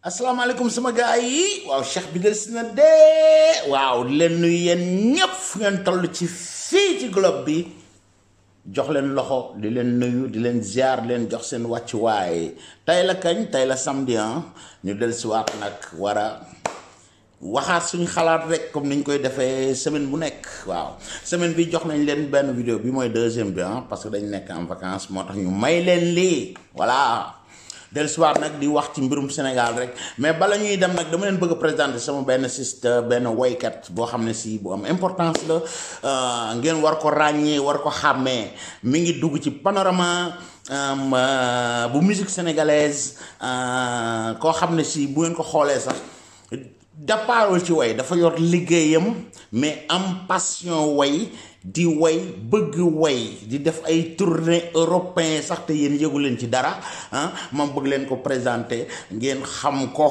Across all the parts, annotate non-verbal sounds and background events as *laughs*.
asalaamaaleykum sama gaa yi waaw cheikh bi del si na dee waaw leen nuyu yéen ñëpp fu ngeen toll ci fii ci globe bi jox leen loxo di leen nuyu di leen ziar di leen jox seen wàccuwaay tey la kañ tey la samedi ah. ñu del si nag war a waxaat suñu xalaat rek comme ñu koy defee semaine bu nekk waaw semaine bi jox nañ leen benn vidéo bi mooy deuxième bi ah, parce que dañ nekk en vacances moo tax ñu may leen lii voilà del soir nag di wax ci mbirum Sénégal rek mais bala ñuy dem nag dama leen bëgg présenter sama benn siste benn waykat boo xam si bu am importance la euh, ngeen war ko war ko xàmmee mi ngi dugg ci panorama euh, bu musique sénégalaise euh, koo xam ne si bu ngeen ko xoolee sax dapaarul ci way dafa yor liggéeyam mais am passion way di woy bëgg woy di def ay tournée européen sax te yéen yëgu leen ci dara ah moom bëgg leen ko présenter ngeen xam ko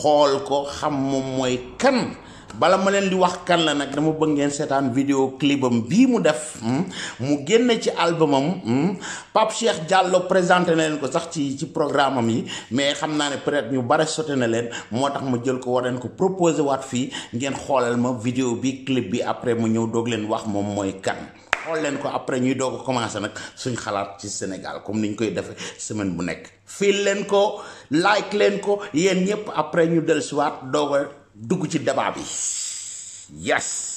xool ko xam moom mooy kan bala ma leen di wax kan la nag dama bëgg ngeen seetaan vidéo clipam bii mu def hmm? mu génne ci albumam hmm? Pape Cheikh Diallo présenté na leen ko sax ci ci programme am yi mais xam naa ne peut-être ñu bare sote na leen moo tax ma jël ko war leen ko proposé waat fii ngeen xoolal ma vidéo bi clip bi après mu ñëw doog leen wax moom mooy kan xool leen ko après ñuy doog a commencé nag suñ xalaat ci Sénégal comme niñ koy defee semaine bu nekk. fii leen ko like leen ko yéen ñëpp après ñu dellusiwaat doog dugg ci débat bi yes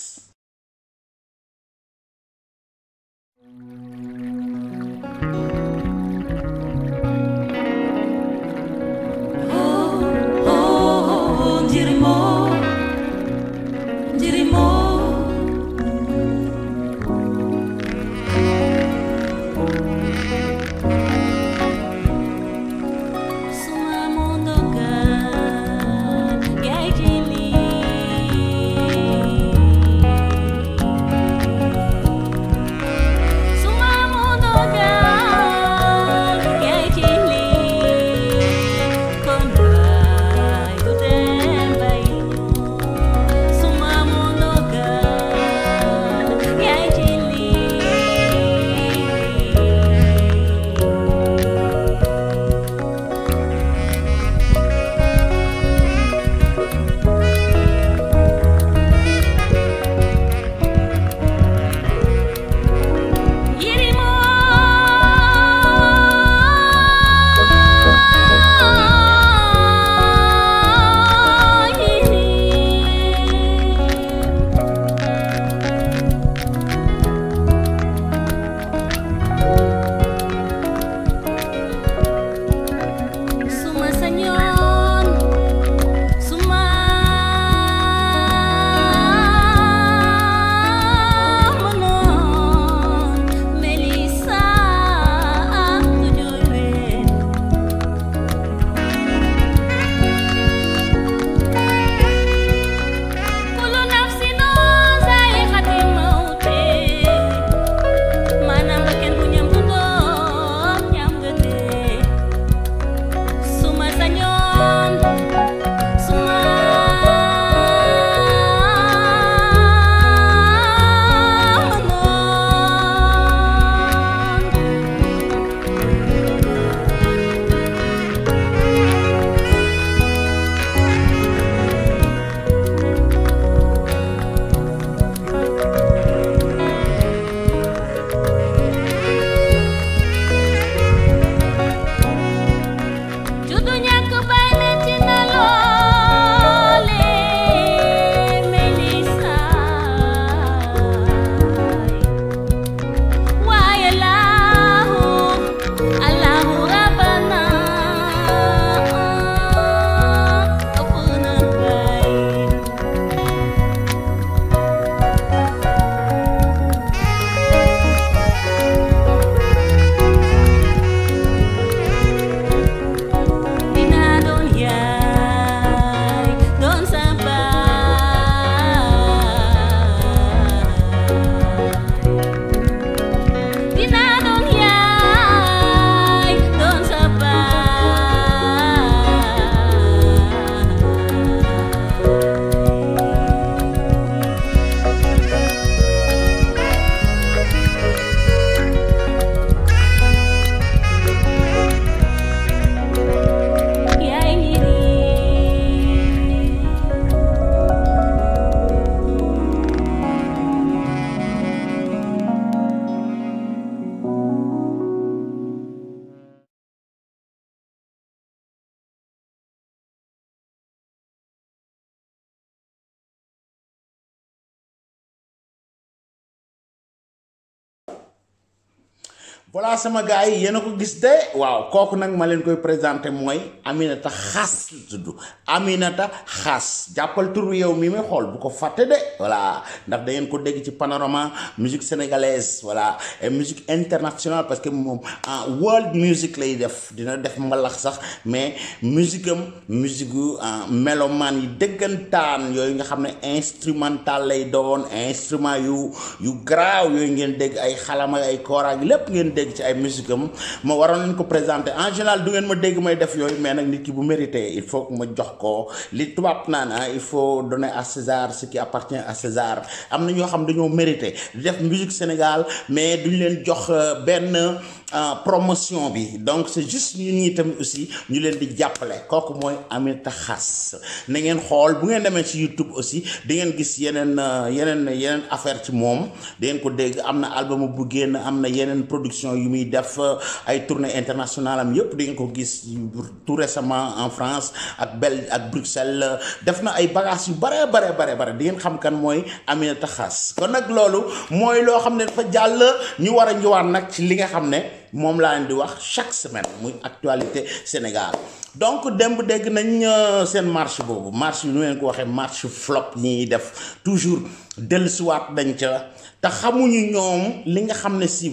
wala sama gars yi yéen ko gis de waaw kooku nag ma koy présenté aminata khas la do, aminata khas. Japol tur yow mi buko fatede. bu ko fàtte de ndax da ngeen ko dégg ci panorama musique sénégalaise Wala, et musique internationale parce que moom ah world music lay def dina def mbalax sax mais musique am musique ah, mélomane yi dëggantaan yooyu nga instrumental lay doon instrument yu yu grau, yooyu ngeen dek ay xalama ay kooraag lépp ngeen dégg ci ay musique am ma waroon nañ ko présenté en général du ngeen ma dégg may def yooyu mais nag nit ki bu mérité il faut ma jox ko li tubaab naan ah, il faut donner à César ce qui appartient à César am na ñoo xam dañoo mérité def musique Sénégal mais duñ leen jox euh, benn. promotion bi donc c'est juste ñun ñi tamit aussi ñu leen di jappalé kooku moy Aminata Xas na ngeen xol bu ngeen demee ci YouTube aussi di ngeen gis yenen euh, yenen yenen affaire ci mom di ngeen ko dégg amna album bu génn amna yenen production yu muy def euh, ay tournée internationale am yépp di ngeen ko gis tout récemment en France ak Bel ak Bruxelles def na ay bagage yu bare bare bare bare di ngeen xam kan moy Aminata Xas kon nag loolu mooy loo xam ne dafa jàll ñu war a ñëwaat nag ci li nga xamné mom suis chaque semaine muy actualité Sénégal donc demb nañ euh, sen marche marche ñu marche flop def toujours dellusiwaat dañ ca te xamuñu ñom li nga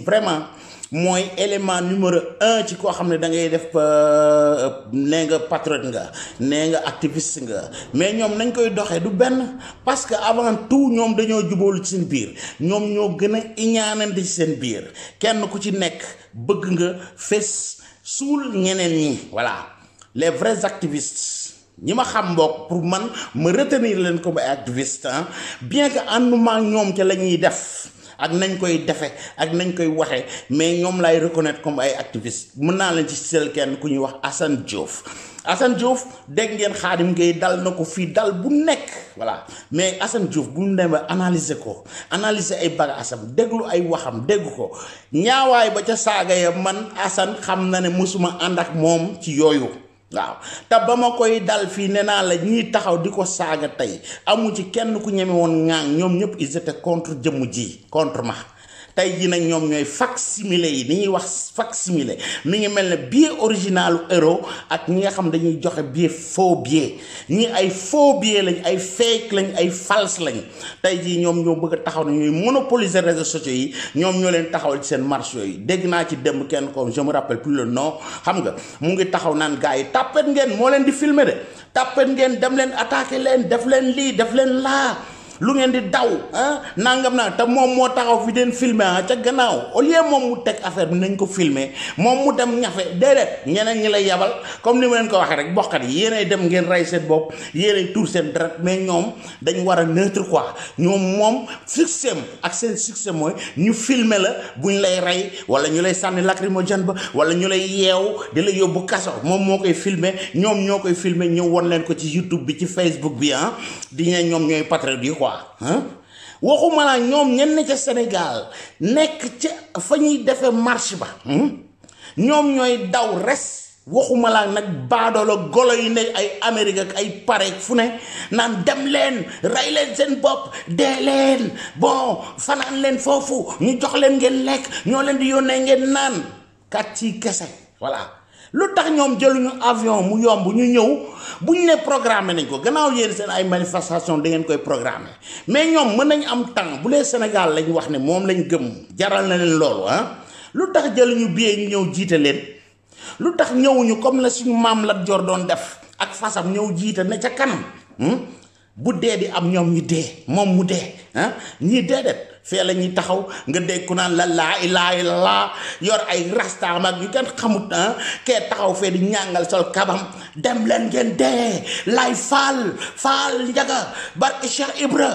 vraiment. mooy élément numéro un ci koo xam ne da ngay def euh, nee nga patriote nga nee nga activiste nga mais ñoom nañ koy doxee du benn parce que avant tout ñoom dañoo jubalu ci seen biir ñoom ñoo gën a iñaanante ci seen biir kenn ku ci nekk bëgg nga fes suul ñeneen ñi voilà les vrais activistes ñi ma xam mbokk pour man ma retenir leen ko comme activiste bien que ànduma ñoom ca la ñuy def ak nañ koy defe ak nañ koy waxee mais ñoom lay reconnaître comme ay activiste mën naa leen ci sel kenn ku ñuy wax Assane Diouf Assane Diouf dégg ngeen Khadim Gueye dal na ko fii dal bu nekk voilà mais Assane Diouf bu ñu demee analyser ko analyser ay bagaasam déglu ay waxam dégg ko ñaawaay ba ca saaga ya man Assane xam na ne mosuma ànd ak moom ci yooyu waaw te ba ma koy dal fii ne naa la ñuy taxaw di ko saaga tey amu ci kenn ku ñeme woon ŋaaŋ ñoom ñëpp ils étaient contre jëmm ji contre ma tey jii nag ñoom ñooy fak simile yi ni ñuy wax fak simile mi ngi mel ne billet originalu euro ak ñi nga xam dañuy joxe billet faux billet ñi ay faux billet lañ ay feek lañ ay false lañ tey jii ñoom ñoo bëgg a taxaw ne ñooy monopoliser réseaux sociaux yi ñoom ñoo leen taxawal ci seen marché yooyu dégg naa ci démb kenn comme je me rappelle plus le nom xam nga mu ngi taxaw naan gars yi tàppet ngeen moo leen di filmer de tàppet ngeen dem leen attaquer leen def leen lii def leen laa lu ngeen di daw ah nangam naa te moom moo taxaw fi den filmer ah ca gannaaw au lieu moom mu teg affaire bi nañ ko filme moom mu dem ñafe déedéet ñeneen ñi lay yabal comme ni ma leen ko waxee rek bokkat yi yéenay dem ngeen rey seen bopp yéenay tuur seen deret mais ñoom dañ war a neutre quoi ñoom moom succès ak seen succès mooy ñu filmer la buñ lay rey wala ñu lay sànni lacrymogène ba wala ñu lay yeew di la yóbbu kaso moom moo koy filmer ñoom ñoo koy filmer ñëw won leen ko ci YouTube bi ci Facebook bi ah di ñe ñooy patriote yi quoi waxuma la ñoom ñenn ca Sénégal nekk ca fa ñuy defee marche ba ñoom ñooy daw res waxuma la nag baadoolo golo yi ne ay Amérique ak ay pare fu ne naan dem leen rey leen seen bopp dee leen bon fanaan leen foofu ñu jox leen ngeen lekk ñoo leen di yónnee ngeen naan kat ci kese voilà lu tax ñoom jëluñu avion mu yomb ñu ñëw bu ñu ne programmé nañ ko gannaaw yéen seen ay manifestation da ngeen koy programmé mais ñoom mën nañ am temps bu lee Sénégal lañ wax ne moom lañ gëm jaral na leen loolu ah lu tax jëluñu billet ñu ñëw jiite leen lu tax ñëwuñu comme la suñu maam Lat Joor doon def ak fasam ñëw jiite na ca kanam hmm? bu dee di am ñoom ñu dee moom mu dee ah ñii déedéet fee la ñuy taxaw nga dekk ku naan la la ilaha yor ay rasta ak yu kan xamut han eh, ke taxaw fe di ñangal sol kabam dem len ngeen de lay fal fal njaga barke cheikh ibra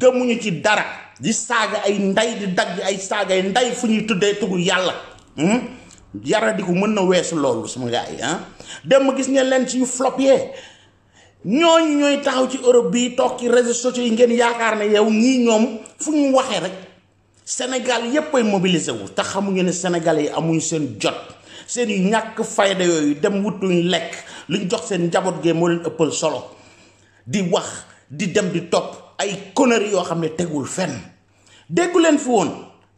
gëmuñu ci dara di saga ay nday di dag ay saga ay nday fu ñuy tuddee tugu yàlla hmm? yara di ko mën na weesu sama gaay han eh. dem gis ñe len ci yu flop ye ñooñ ñooy taxaw ci Europe bi toog ci réseaux sociaux yi ngeen yaakaar na yow ñii ñoom fu ñu waxee rek Sénégal yépp ay mobilisé wu te xamuñu ne Sénégal yi amuñu seen jot seen yu ñàkk fayda yooyu dem wutuñ lekk luñ jox seen njaboot gee moo leen ëppal solo di wax di dem di topp ay conneries yoo xam ne tegul fenn déggu leen fi woon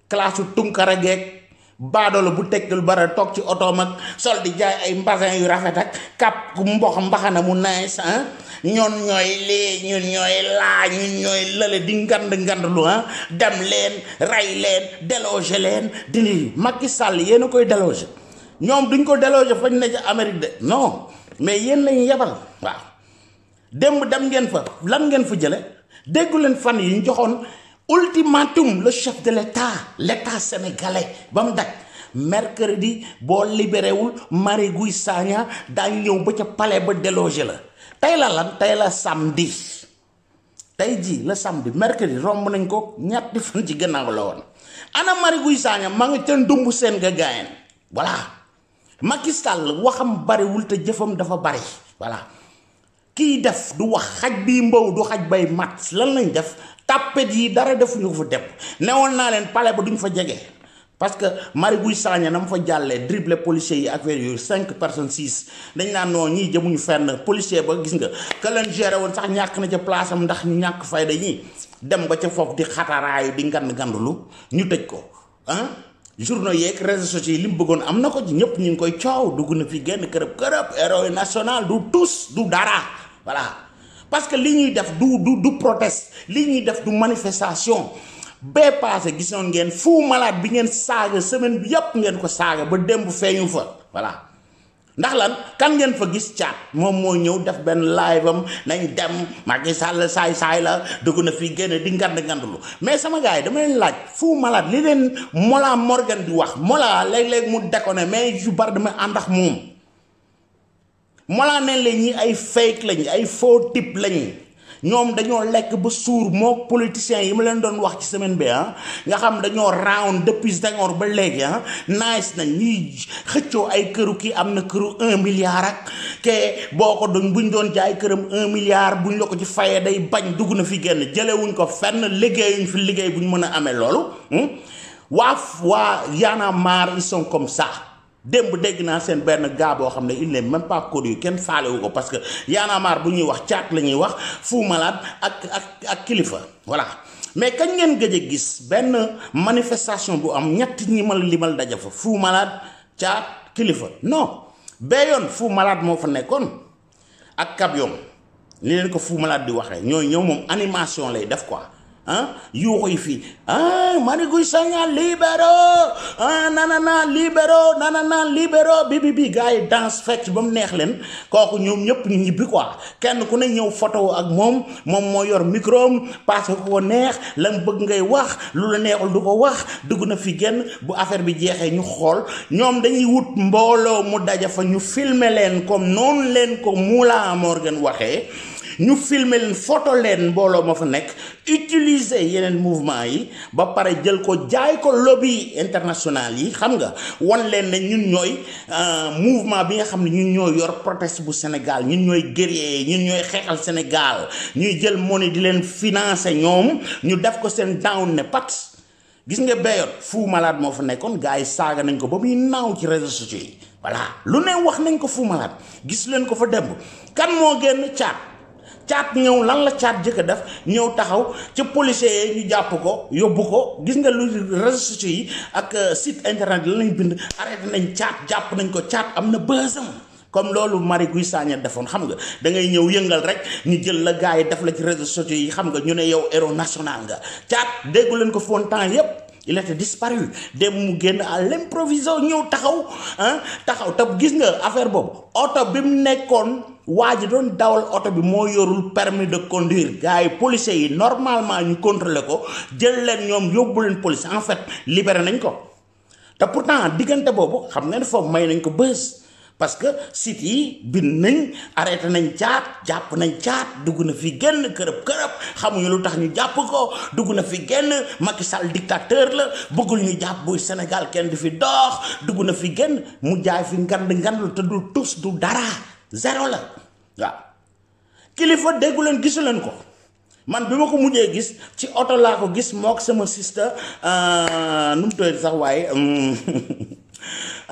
classe Tunkara geek Bado bu tegtul bara tok ci otoom sol di jaay ay mbasin yu rafet ak kap mbox mbaxana mu nice ah ñoon ñooy lii ñun ñooy la ñun ñooy lële di ngand ngand lu ah dem len ray len déloger len dini Macky Sall yéen a koy déloger ñoom duñ ko déloger fañ na ci Amérique de non mais yéen lañ yebal waaw démb dem ngeen fa lan ngeen fa jële déggu fan yi ñu ultimatum le chef de l'État, l'État sénégalais, bam dak mercredi bo libéré wul Mari Guy sanya da ñëw ba ca palais ba déloger la tay la lan tay la samedi tay ji le samedi mercredi romb nañ ko di fan ci gënaaw la won ana Marie Guy sanya ma nga ca ndumb sen ga gayen voilà makistal waxam bari wul te jëfam dafa bari voilà ki def du wax xaj bi mbaw du xaj bay mat lan lañ def tapé di dara def ñu fa dem newoon na len palais ba duñ fa jege parce que mari Guy sañé nam fa jallé dribler policier yi ak verre yooyu cinq personnes 6 dañ naan noo ñii jëmuñu fenn policier ba gis nga ke leen géré won sax ñak na ci place am ndax ñu ñàkk fayda ñi dem ba ci fof di xataraay di ngand ngandlu ñu tejj ko hein journaux yeeg réseaux sociaux lim bëggon am na ko ci ñëpp ñu ngi koy ciow duguna fi génn kërëb kërëb héros national du tous du dara voilà parce que li ñuy def du du du proteste li ñuy def du manifestation be passé gisoon ngeen fou malade bi ngeen saga semaine bi yépp ngeen ko saga ba demb feeñu fa voilà ndax lan kan ngeen fa gis chat mom mo ñëw def ben live am nañ dem Macky Sall say say la dugu na fi génn di ngand ngandlu mais sama gaay dama leen laaj fou malade li leen mola Morgan di wax mola léeg-léeg mu déconné mais ju bar dama andax mom Molaane la ñi ay fake lañ ay faux type lañ ñoom dañoo lekk ba suur moo politiciens yi ma leen doon wax ci semaine bi ah nga xam dañoo round depuis Senghor ba léegi ah nice na ñuy xëccoo ay këru kii am na këru un milliard ak ke boo ko doon buñ doon jaay këram un milliard buñ la ko ci fayee day bañ dugg na fi génn jëlewuñ ko fenn liggéeyuñ fi liggéey buñ mën a amee loolu hmm. waa waa yaana maar ils comme ça démb dégg naa seen benn gaa boo xam ne il n'est même pas yu kenn faalewu ko parce que Y'en a bu ñuy wax caat la ñuy wax Fou Malade ak ak ak kilifa voilà mais kañ ngeen gëj a gis benn manifestation bu am ñett ñi ma limal daje fa Fou Malade caat kilifa non bee yoon Fou moo fa nekkoon ak Cap Young leen ko Fou Malade di waxee ñooy ñëw moom animation lay def quoi. ah yuuxu yi fii ah Marigout Sagna libéraux ah nanana libéraux libero bi bi bi gars yi danse fecc ba mu neex leen kooku ñoom ñëpp ñu ñibbi quoi kenn ku ne ñëw photo ak moom moom moo yor micro am parce que ko neex lan bëgg ngay wax lu la neexul du ko wax dugg na fi genn bu affaire bi jeexee ñu xool ñoom dañuy wut mbooloo mu daja fa ñu filmer leen comme noonu leen ko Moula Morgan waxee. ñu filmer leen photo leen mbooloo ma fa nekk utiliser yeneen mouvement yi ba pare jël ko jaay ko lobby international yi xam nga won leen ne ñun ñooy euh, mouvement bi nga xam ne ñun ñooy yor proteste bu Sénégal ñun ñooy guerrier ñun ñooy xeexal Sénégal ñuy jël monnaie di leen financer ñoom ñu def ko seen down ne pat gis nga béyot Fou Malade moo fa nekkoon gars yi saaga nañ ko ba muy naaw ci réseaux sociaux yi voilà lu ne wax nañ ko Fou Malade gis leen ko fa demb kan moo génn caat caat ñëw lan la caat jëkk a def ñëw taxaw ca policier yi ñu jàpp ko yóbbu ko gis nga lu réseaux sociaux yi ak euh, site internet la lañ bind arrêté nañ caat jàpp nañ ko caat am na bësam comme loolu Marie Guy Sagna defoon xam nga da ngay ñëw yëngal rek ñu jël la gars yi def la ci réseaux sociaux yi xam nga ñu ne yow héros national nga caat déggu ko foon temps yépp il était disparu dem mu génn à l'improviso ñëw taxaw ah taxaw te gis nga affaire boobu oto bi mu nekkoon waa ji doon dawal oto bi moo yorul permis de conduire gars yi policiers yi normalement ñu contrôler ko jël leen ñoom yóbbu leen police en fait libéré nañ ko te pourtant diggante boobu xam ne foofu may nañ ko bës. parce que city bin nañ arrêté nañ caat japp nañ caat duguna na fi genn kërëb kërëb xamuñu lu tax ñu japp ko duguna na fi genn Macky Sall dictateur la bëggul ñu japp bu Sénégal kenn di fi dox duguna na fi genn mu jaay fi ngand ngand te du tous du dara zéro la wa kilifa déggu leen gisu leen ko man bima ko mujjé gis ci auto la ko gis mok sama sister euh num toy sax waye *laughs*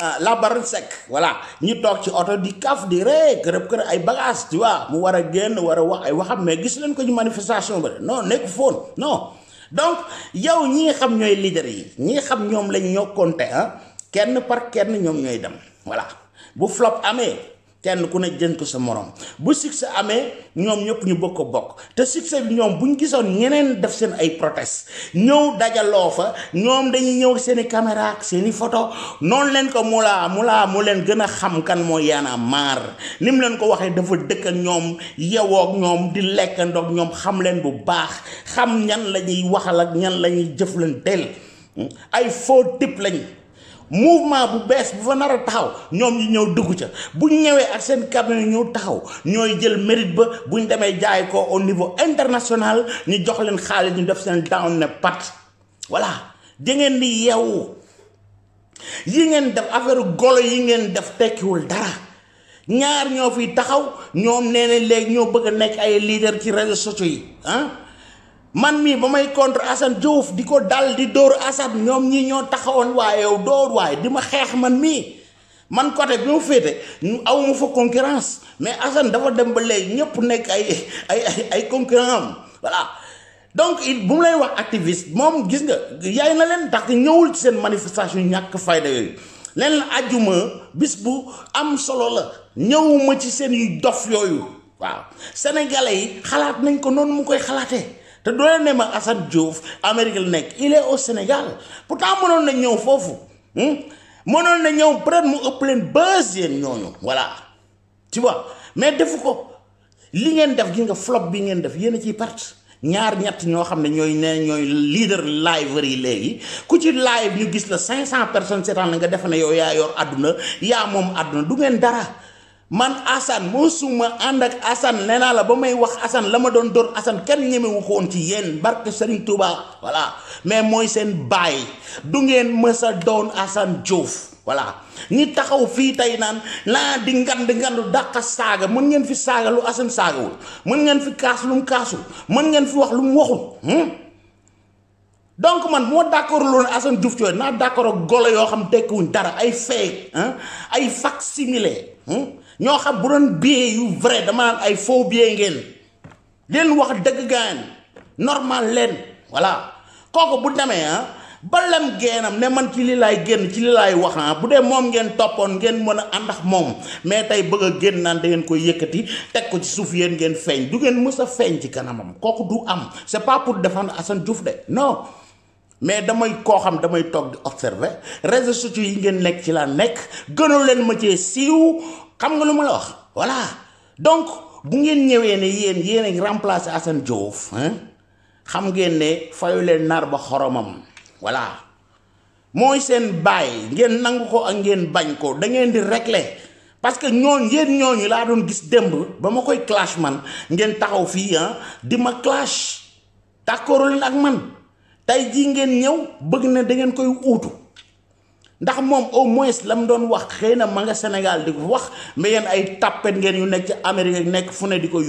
Euh, labar sec voilà ñu toog ci oto di kaf di ree kërëb kër ay bagage tu waa mu war a génn war a wax ay waxam mais gis leen ko ñu manifestation ba de non nekk foon non donc yow ñi nga xam ñooy leader yi ñi nga xam ñoom lañ ñoo compté ah kenn par kenn ñoom ñooy dem voilà bu flop amee kenn ku ne jën ko sa morom bu succès amee ñoom ñëpp ñu bëgg ko bokk te succès bi ñoom bu ñu gisoon ñeneen def seen ay protest ñëw dajaloo fa ñoom dañuy ñëw seen i caméra ak seen i photo noonu leen ko mu laa mu laa mu leen gën a xam kan moo Y'en a marre ni leen ko waxee dafa dëkk ñoom yewoo ñoom di lekk ndox ñoom xam leen bu baax xam ñan la ñuy waxal ak ñan la ñuy jëflanteel ay faux type lañ. mouvement bu bees bu fa nar a taxaw ñoom ñi ñëw dugg ca bu ñu ñëwee ak seen camion ñëw taxaw ñooy jël mérite ba bu ñu demee jaay ko au niveau international ñu jox leen xaalis ñu def seen down ne pat voilà di ngeen di yeewu yi ngeen def affaire golo yi ngeen def tekkiwul dara. ñaar ñoo fi taxaw ñoom nee na ñoo bëgg a nekk ay leader ci réseaux sociaux yi ah man mii ba may contre Assane Diouf di ko dal di dóor Assane ñoom ñi ñoo taxawoon waaye yow dóor waaye di ma xeex man mii man côté bi mu féete aw ma fa concurrence mais Assane dafa dem ba léegi ñëpp nekk ay ay ay ay concurrent am voilà donc il bu mu lay wax activiste moom gis nga yaay na leen tax ñëwul ci seen manifestation ñàkk fayda yooyu leen la àjjuma bis bu am solo la ñëwuma ci seen dof yooyu waaw sénégalais yi xalaat nañ ko noonu mu koy xalaatee. te doo leen ne ma Assane Diouf Amérique la nekk il est au Sénégal pourtant mënoon na ñëw foofu hmm? mënoon na ñëw peut mu ëpp leen buzz yéen ñooñu voilà tu vois mais defu ko li ngeen def gi nga flop bi ngeen def yéen ci ciy ñaar ñett ñoo xam ne ñooy ne ñooy leader live yi léegi ku ci live ñu gis la 500 personnes seetaan la nga defe ne yow yaa yor àdduna yaa moom àdduna du ngeen dara. man Assane mosuma ànd ak Assane nee naa la ba may wax Assane la ma doon doon Assane kenn ñemewu woon ci yéen barke Serigne tubaab voilà mais mooy seen baay du ngeen mës doon Assane Diouf voilà ñi taxaw fii tey naan naa di ngand ngand dàqa saaga mën ngeen fi saaga lu Assane saagawul mën ngeen fi kaas lu mu kaasul mën ngeen fi wax lu mu waxul hmm? donc man moo d'accord loon Assane Diouf cooy naa d'accord golo yoo xam tekkiwuñ dara ay fake ay facsimilé hmm? ñoo xam bu doon billet yu vrai damaa ay foo billet ngeen leen wax dëgg gaan normal leen voilà kooku bu demee ah ba lem geenam ne man ci li laay génn ci li laay wax naa ah, bu dee moom ngeen toppoon ngeen mën a ànd ak moom mais tey bëgg a génn naan da koy yëkkati teg ko ci suuf yéen ngeen feeñ du ngeen mës a feeñ ci kanamam kooku du am c'est pas pour défendre Assane Diouf de non mais damay koo xam damay toog di observer réseaux sociaux yi ngeen nekk ci laa nekk gënal leen ma cee siiw xam nga lu ma la wax voilà donc bu ngeen ñëwee ne yéen yéen ak remplacer Assane Diouf xam ngeen ne fayu leen nar ba xoromam voilà mooy seen bay ngeen nangu ko ak ngeen bañ ko da ngeen di régler parce que ñooñ yéen ñooñu laa doon gis démb ba ma koy clash man ngeen taxaw fii hein di ma clash d'accord leen ak man tey jii ngeen ñëw bëgg na da ngeen koy uutu ndax mom, au moins lam doon wax xeyna ma nga senegal di wax me yeen ay tappet ngeen yu nek ci amerique nek fune diko di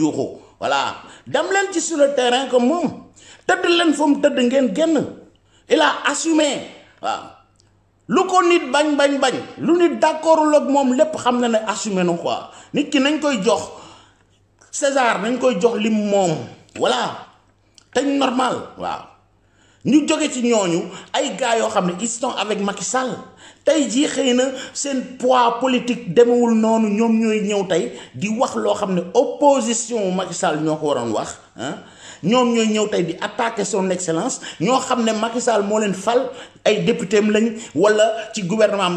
voilà dam len ci sur le terrain comme mom tëdd len fum mu ngeen genn il a assumé waaw lu ko nit bañ bañ bañ lu nit d'accord accordul ak moom xam na assumé non quoi nit ki nañ koy jox césar nañ koy jox lim mom, voilà teñ normal waaw Nous jóge ci ñooñu ay sont avec Macky Sall poids politique qui sommes Nous nous di Nous opposition Macky Sall nous hein? Nous attaquer son excellence Nous Macky Sall est un député lañ gouvernement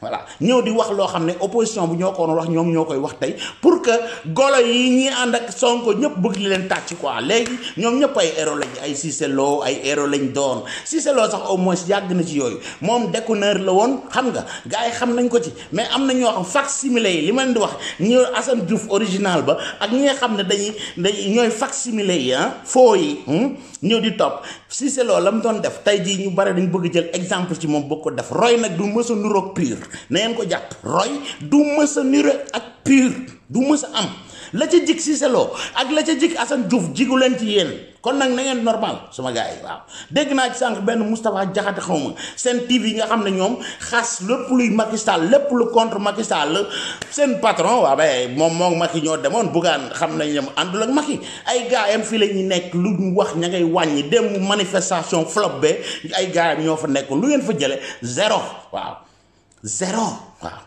voilà ñëw di wax loo xam ne opposition bu ñoo koo wax ñoom ñoo koy wax tey pour que golo yi ñi ànd ak Sonko ñëpp bëgg li leen tàcc quoi léegi ñoom ñëpp ay héros lañ ay Cissé Lo ay héros lañ doon Cissé Lo sax au moins yàgg na ci yooyu moom déconneur la woon xam nga gars yi xam nañ ko ci mais am na ñoo xam facsimilé yi li ma leen di wax ñu Assane Diouf original ba ak ñi nga xam ne dañuy dañ ñooy facsimilé yi ah foo yi hmm. ñëw di top si c'est loolu lam doon def tay ji ñu bari dañ bëgg jël exemple ci moom bokko def roy nag du mësa a nuroog pur na ngeen ko jàpp roy du mësa a nuro ak pur du mësa am la ca jig si selo ak la ca jig Assane Diouf jigu leen ci yéen kon nag na ngeen normal sama gars waaw dégg naa ci sànq benn Moustapha Diakhaté xaw ma seen TV yi nga xam na ñoom xas lépp luy Macky Sall lépp lu contre Macky Sall seen patron waaw bay moom moom Macky ñoo demoon buggaan xam nañ ne àndul ak Macky ay gars am fii la ñu nekk lu ñu wax ña ngay wàññi dem manifestation flop be ay gars am ñoo fa nekk lu ngeen fa jële zéro waaw zéro waaw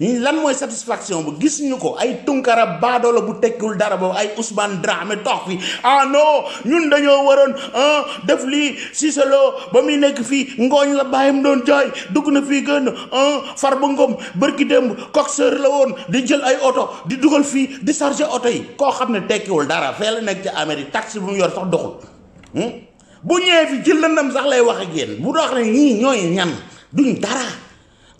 lan mooy satisfaction bu gis ñu ko ay tunkara baadoola bu tekkul dara boobu ay Ousmane Dramé toog fi ah ñun dañoo waroon ah def lii siselo ba muy nekk fii ngooñ la mu doon jaay dugg na fii gën ah, far ba ngom bërki démb coxeur la woon di jël ay oto di dugal fii di charger oto yi koo xam ne tekkiwul dara fee la nekk ci Amérique taxi bu mu yor sax doxul hmm? bu ñëwee fi ci lëndam sax lay wax ak génn bu dox ne ñii ñooy ñan duñ dara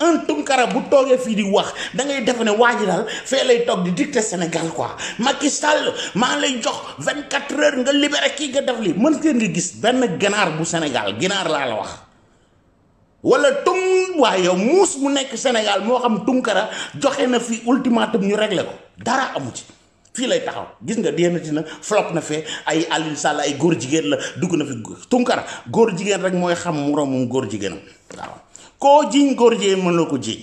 un Tounkara bu toogee fii di wax dangay ngay defe ne waa ji daal fee lay toog di dicter Sénégal quoi Macky sàll maa lay jox vingt quatre heures nga libéré kii nga def lii mën ngeen di gis benn ganaar bu Sénégal ganaar laa la wax wala tum waaye yow muus mu nekk Sénégal moo xam Tounkara joxe na fi ultimatum ñu réglé ko dara amu ci fii lay taxaw gis nga déenati na flop na fee ay Aliou Sall ay góor jigéen la dugg na fi Tounkara góor jigéen rek mooy xam moroomum góor jigéenam waaw ko jiñ gor jee mën la ko jiñ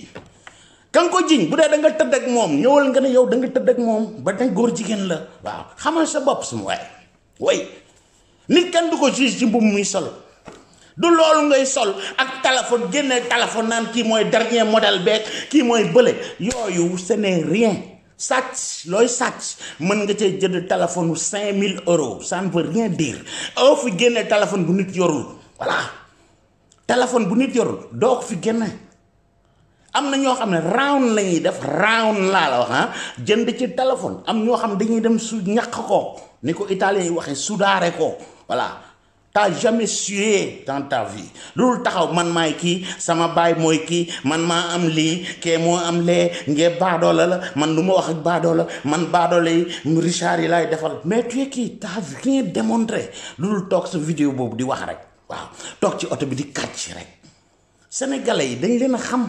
kan ko jiñ bu dee da nga tedd ak mom ñëwal nga ne yow da nga tedd ak mom ba tan gor jigen la waaw xamal sa bop sum way way nit kan du ko juge ci mbubb muy sol du loolu ngay sol ak téléphone génné téléphone nan ki moy dernier model beeg ki moy bële yoyu ce n'est rien sat loy sat mën nga cee jënd téléphone 5000 euros ça ne veut rien dire oo fi génne téléphone bu nit yorul voilà téléphone bu nit yor do ko fi génne am ño xamné round la def round la la wax ha ah. jënd ci téléphone am ño xam dañuy dem su ñak ko Niko ko italien yi waxee soudaré ko voilà ta jamais sué dans ta vie lool taxaw man may ki sama bay moy ki man ma am li ke mo am lee ngee baadoola la man lu ma wax ak la man baadoola lay Richard yi lay defal mais tu es kii t'as rien démontré lool tok ce vidéo bobu di wax rek waaw toog ci oto bi di kàcc rek sénégalais yi dañ leen a xam.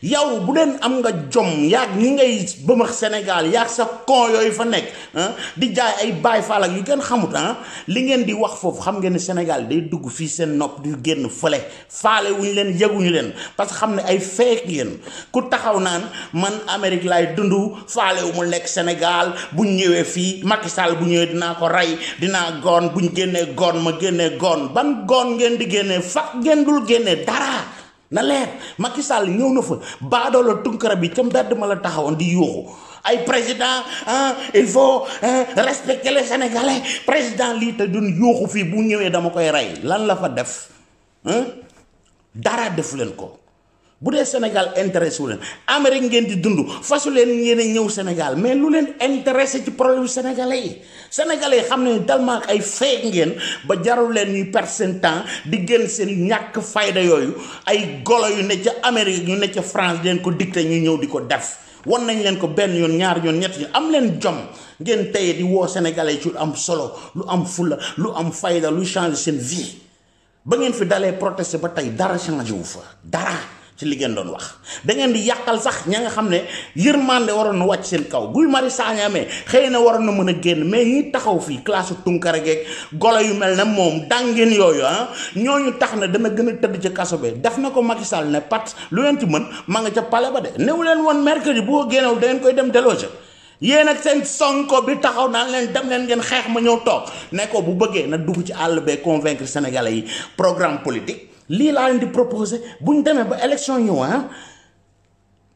yow bu deen am nga jom yaag ñi ngay bëmax Sénégal yaag sa kon yooyu fa nekk ah, di jaay ay baay faal yu gën xamut ah li ngeen di wax foofu xam ngeen ne Sénégal day dugg fii seen nopp du génn fële faale wuñu leen yeguñu leen parce que xam ne ay feek yéen ku taxaw naan man Amérique laay dund faale wu mu nekk senegaal bu ñëwee fii Macky Sall bu ñëwee dinaa ko rey dinaa goon ñu génnee goon ma génnee goon ban goon ngeen di génnee fa ngeen dul génnee dara na leer Macky Sall ñëw na fa baadoola tunkara bi ca mbedd ma la taxawoon di yuuxu ay président ah il faut respecter les sénégalais président lii te du yuuxu fii bu ñëwee dama koy rey lan la fa def dara def leen ko bu dee Sénégal intéressé wu leen Amérique ngeen di dund fasu leen yéen a ñëw Sénégal mais lu leen intéressé ci problème sénégalais yi sénégalais yi xam ne tellement ay fee ngeen ba jarul leen ñuy perdre seen temps di génn seen ñàkk fayda yooyu ay golo yu ne ca Amérique yu ne ca France leen ko dicté ñu ñëw di ko def wan nañ leen ko benn yoon ñaar yoon ñett yoon am leen jom ngeen tey di woo sénégalais ci lu am solo lu am fula lu am fayda lu change seen vie ba ngeen fi dalee protester ba tey dara changé wu fa dara. li ngeen doon wax da ngeen di yàqal sax ña nga xam ne yërmande waroon na wàcc seen kaw Guy Marius Sagna mais xëy na waroon na mën a génn mais ñi taxaw fii classe Tunkara geeg golo yu mel ne moom dàngeen yooyu ah ñooñu tax na dana gën a tëdd ca kaso bi def na ko Macky Sall ne pat lu leen ci mën ma nga ca pale ba de néew leen woon mercredi bi ko génnewul da ngeen koy dem delooja yéen nag seen sonko bi taxaw naan leen dem leen ngeen xeex ma ñëw toog nekkoo bu bëggee na dugg ci àll bee convaincre sénégal yi programme politique lii laa di proposé bu ñu demee ba élection ñëw ah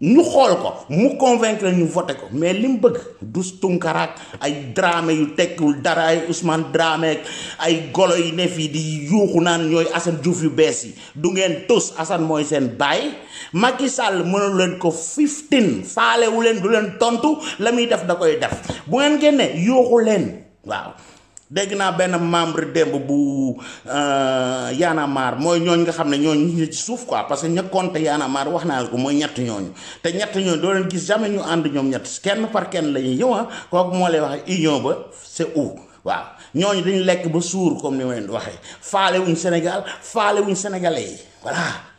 ñu xool ko mu convaincre ñu voté ko mais li mu bëgg du tunkaraak ay Dramé yu tekkiwul dara ay Ousmane Dramé ay golo yi ne fii di yuuxu naan ñooy Assane Diouf yu bees yi du ngeen tos Assane mooy seen baay Macky Sall mënalu leen ko 15 faalewu leen du leen tontu la muy def da koy def bu ngeen génnee yuuxu leen waaw. dégg naa benn membre démb bu euh, yaanamaar mooy ñooñ nga xam ne ñooñu ñu ci suuf quoi parce que ña compte yaanamaar wax naa la ko mooy ñett ñooñu te ñett ñooñu doo leen gis jamais ñu ànd ñoom ñett kenn par kenn la ñuy ñëwa ah, kooku moo lay wax union ba c'est où waaw ñooñu dañu lekk ba suur comme ni ma waxee faale wuñ Sénégal faale wuñ sénégalais yi voilà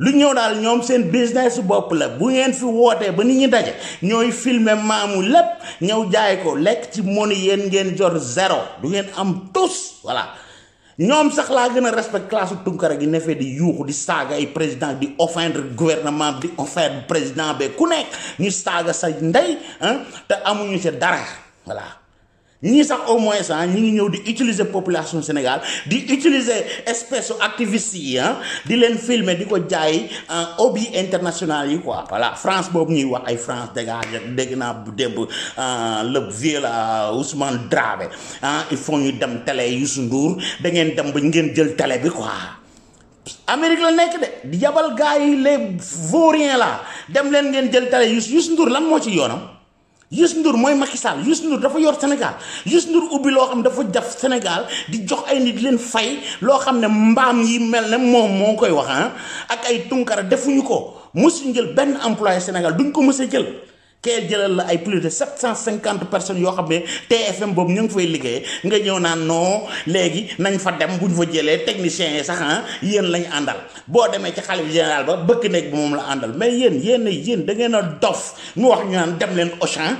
lu ñëw daal ñoom seen business bopp la bu ngeen fi wootee ba nit ñi daje ñooy filmer maamu lépp ñëw jaay ko lekk ci monu yéen ngeen jor zéro du ngeen am tous voilà ñoom sax laa gën a respect classe Tunkara gi ne di yuuxu di saaga ay président di offendre gouvernement di offendre président bee ku nekk ñu saaga sa ndey te amuñu si dara voilà Ni sax au moins ça ah, ñi ngi ñëw di utiliser population Sénégal di utiliser espèce activiste yi hein di len filmer di ko jaay ah, hobby international yi quoi voilà France bobu ñuy wax ay France dégage dégg naa bu euh le vieux à Ousmane Drabé hein il faut ñu dem télé Youssou Ndour da ngeen dem ba ngeen jël télé bi quoi Amérique la nek de di jabal gars yi les vauriens là dem len ngeen jël télé Youssou Ndour lan mo ci yoonam Youssou Ndour mooy Macky Sall Youssou Ndour dafa yor Sénégal Youssou Ndour ubbi loo xam dafa jaf Sénégal di jox ay nit leen fay loo xam ne mbaam yi mel ne moom moo koy wax ah, ak ay tunkara defuñu ko mosuñ jël benn employé Sénégal duñ ko mës jël. kee jëlal la ay plus de sept cent cinquante personnes yoo xam ne TFM boobu ñu ngi fay liggéey nga ñëw naan noo léegi nañ fa dem bu ñu fa jëlee techniciens yi sax ah yéen lañ àndal boo demee ci xale xalif général ba bëkk néeg bi moom la àndal mais yéen yéen yéen da ngeen a dof ñu wax ñu naan dem leen Auchan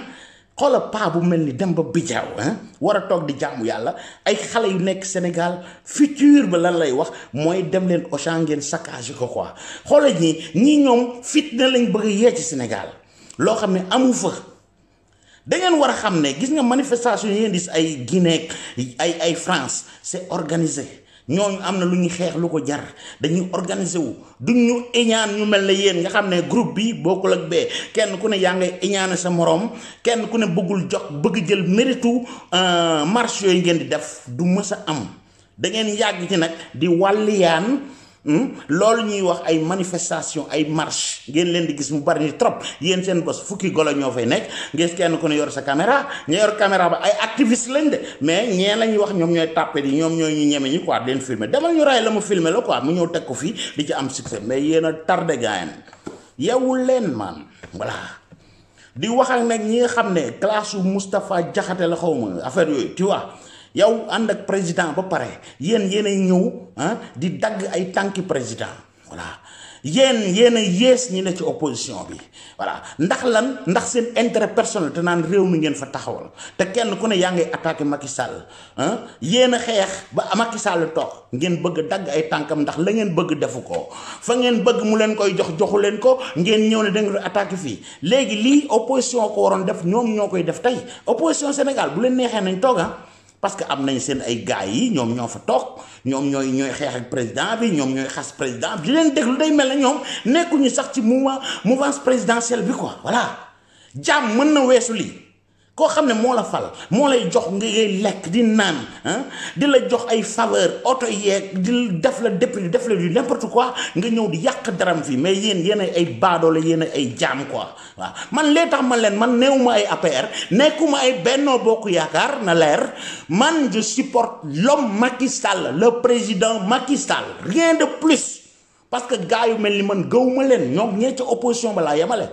xoola paa bu mel ni dem ba bijaaw ah war a toog di jàmm yàlla ay xale yu nekk Sénégal futur ba lan lay wax mooy dem leen Auchan ngeen saccage ko quoi xoola ñi ñii ñoom fitna lañ bëgg a ci Sénégal loo xam ne amu fa da ngeen war a xam ne gis nga manifestation yeen ngeen gis ay Guinée ay ay France se organisé ñoom am na lu ñuy xeex lu ko jar dañuy organiser wu duñ ñu iñaan ñu mel ne yéen nga xam ne groupe bi bokkul ak bee kenn ku ne yaa ngay iñaane sa morom kenn ku ne bëggul jox bëgg jël méritu euh, marche yooyu ngeen di def du mës a am da ngeen yàgg ci nag di wàlliyaan Hmm? loolu ñuy wax ay manifestation ay marche ngeen leen di gis mu bari nii trop yéen seen bos fukki golo ñoo fay nekk ngeen kenn ku ne yor sa caméra ña yor caméra ba ay activiste lañ de mais ñee la ñuy wax ñoom ñooy tàppet yi ñoom ñooy ñu ñeme ñi quoi leen filmer demal ñu ray la mu filmer la quoi mu ñëw teg ko fii di ci am succès mais yéen a tardé gaayam yow leen man voilà di wax ak nag ñi nga xam ne classe su Moustapha Diakhaté la xaw ma yooyu tu yow and ak président ba pare yeen yene ñew ah, di dag ay tanki président voilà yeen yes yes yées ñi ne ci opposition bi voilà ndax lan ndax seen intérêt personnel te nan réew mi ngeen fa taxawal te kenn ku ne ya ngay attaquer Macky Sall ah yene xex ba Macky Sall tok ngeen bëgg dag ay tankam ndax la ngeen bëgg defu ko fa ngeen bëgg mu leen koy jox joxu leen ko ngeen ñew ne da ngeen fi fii li opposition ko waron def ñom ñokoy def tay opposition Sénégal bu leen nexé nañ toog ah. parce que am nañ seen ay gars yi ñoom ñoo fa toog ñoom ñooy ñooy xeex ak président bi ñoom ñooy xas président bi di leen déglu day mel ne ñoom nekkuñu sax ci mouvement mouvance présidentielle bi quoi voilà jàmm mën na weesu lii. koo xam ne moo la fal moo lay jox nga ngay lekk di naan di la jox ay faveur oto yeeg di def la député def la du n'importe quoi nga ñëw di yàq daram fii mais yéen yéen ay baadoo la yéen ay jaam quoi waaw man lee tax man leen man ma ay APR nekkuma ay Benno Bokk Yaakaar na leer man je supporte l'homme Macky Sall le président Macky Sall rien de plus parce que gars yu mel ni man gëwuma leen ñoom ñee ca opposition ba laa yemale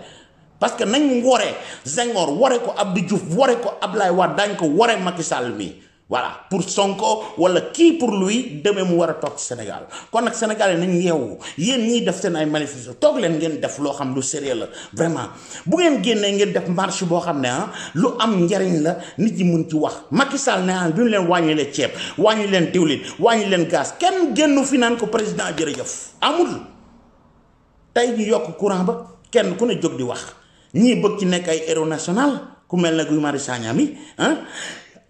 parce que nañ woré zengor woré ko Abdou Diouf woré ko Ablaye Wade dañ ko woré Macky Sall mi voilà pour Sonko wala ki pour lui demé mu wara tok Sénégal kon nak Sénégal nañ yew yeen ñi def sen ay manifeste tok leen ngeen def lo xam lu sérieux la vraiment bu ngeen génné ngeen def marche bo xamné hein ah, lu am njariñ la nit ñi mën ci wax Macky Sall né ah bi mu leen wàññi le ciép wañu leen diwlin wañu leen gas ken gennu fi nan ko président jërëjëf amul tay ñu yok courant ba kenn ku ne jog di wax ñi bëgg ci nek ay héros national ku mel Guy Sagna mi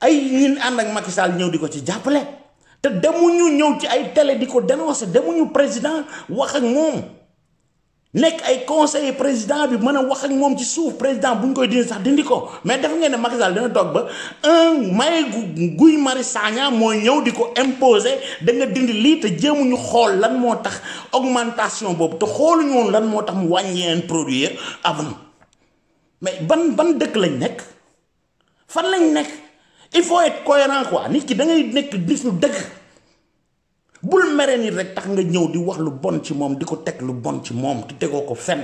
ay ñun and ak Macky Sall ñew di ci jappalé té demu ñu ñew ci ay télé di ko demu ñu président wax ak mom nek ay conseiller président bi mëna wax ak mom ci souf président buñ koy dindi sax dindi ko mais def ngeen ne Macky Sall dina tok ba un may Guy Marius Sagna moy ñew di ko imposer da nga dindi li te ñu xol lan mo tax augmentation bobu te xooluñu woon lan mo tax mu un produit avant mais ban ban dëkk lañ nekk fan lañ nekk il faut être cohérent quoi nit ki da ngay nekk di ñu dëgg bul mere nit rek tax nga ñëw di wax lu bon ci moom di ko teg lu bon ci moom di tegoo ko fenn.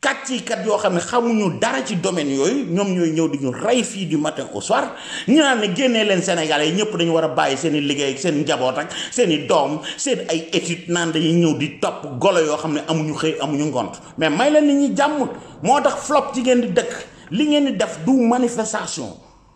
kàccikat yoo xam ne xamuñu dara ci domaine yooyu ñoom ñooy ñëw di ñu rey fii du matin au soir ñu naan ne génnee leen Sénégal yi ñëpp dañu war a bàyyi seen i liggéey ak seen njaboot ak seen doom seen ay études naan dañuy ñëw di topp golo yoo xam ne amuñu xëy amuñu ngont mais may leen nit ñi jàmm moo tax flop ci ngeen di dëkk li ngeen di def du manifestation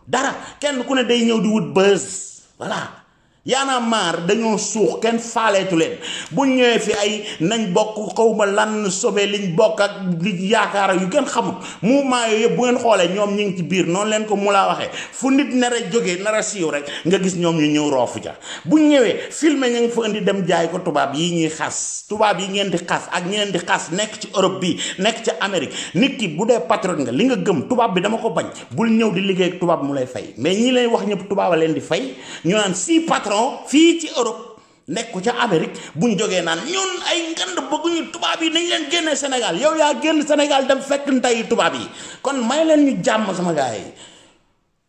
dara kenn ku ne day ñëw di wut buzz voilà. yaana maar dañoo suux kenn faaleetu leen bu ñëwee fi ay nañ bokk xawma lan sobe liñ bokk ak li yaakaar yu kenn xamul mouvement yooyu yëpp bu ngeen xoolee ñoom ñu ngi ci biir noonu leen ko mu waxee fu nit nar a nar a siiw rek nga gis ñoom ñu ñëw roofu ja bu ñëwee filmer ñu ngi fa indi dem jaay ko tubaab yi ñuy xas tubaab yi ngeen di xas ak ñeneen di xas nekk ci Europe bi nekk ci Amérique nit ki bu dee patriote nga li nga gëm tubaab bi dama ko bañ bul ñëw di liggéey ak tubaab mu lay fay mais ñi lay wax ñëpp tubaab a leen di fay ñu naan si salon fii ci Europe nekk ca amerique bu ñu jógee naan ñun ay ngand bëgguñu tubaab yi nañ leen génne Sénégal yow yaa génn Sénégal dem fekk ndeyu tubaab yi kon may leen ñu jàmm sama gars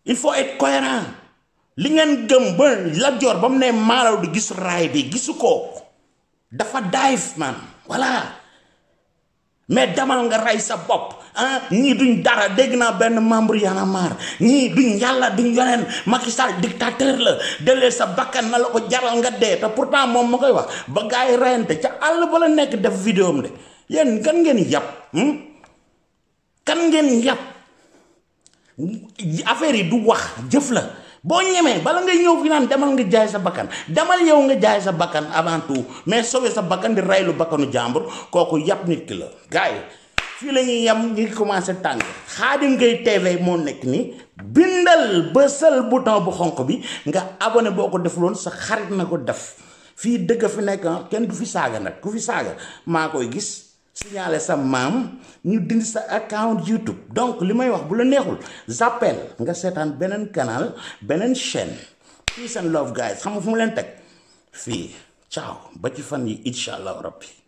il faut être cohérent li ngeen gëm ba Lat Joor ba mu ne maalaw di gis raay bi gisu ko dafa daayif man voilà. mais demal nga rey sa bopp ah ñii duñ dara dégg naa benn membre Y'en a marre ñii duñ yàlla duñ yoneen Macky Sall dictateur la délee sa bakkan na la ko jaral nga dee te pourtant moom ma koy wax ba gars yi reyante ca àll ba la nekk def vidéo am de yéen kan ngeen yàpp hmm? kan ngeen yàpp affaire yi du wax jëf la boo ñemee bala ngay ñëw fi naan demal nga jaay sa bakkan demal yow nga jaay sa bakkan avant tout mais sauver sa bakkan di raylu bakkanu jàmbur kooku yàpp nit ki la gars yi fii la ñuy yem ngi commencé tàng Khadim Gueye TV moo nekk nii bindal ba bouton bu bu xonq bi nga abone boo ko defuloon sa xarit na ko def fii dëgg fi nekk ah, kenn du fi saaga nag ku fi saaga maa koy gis signaler sa maam ñu dindi sa account YouTube donc li may wax bu la neexul zappel nga seetaan beneen canal beneen chaîne peace and love guys xam fu mu leen teg fii ciao ba ci fan yi incha allah rabbi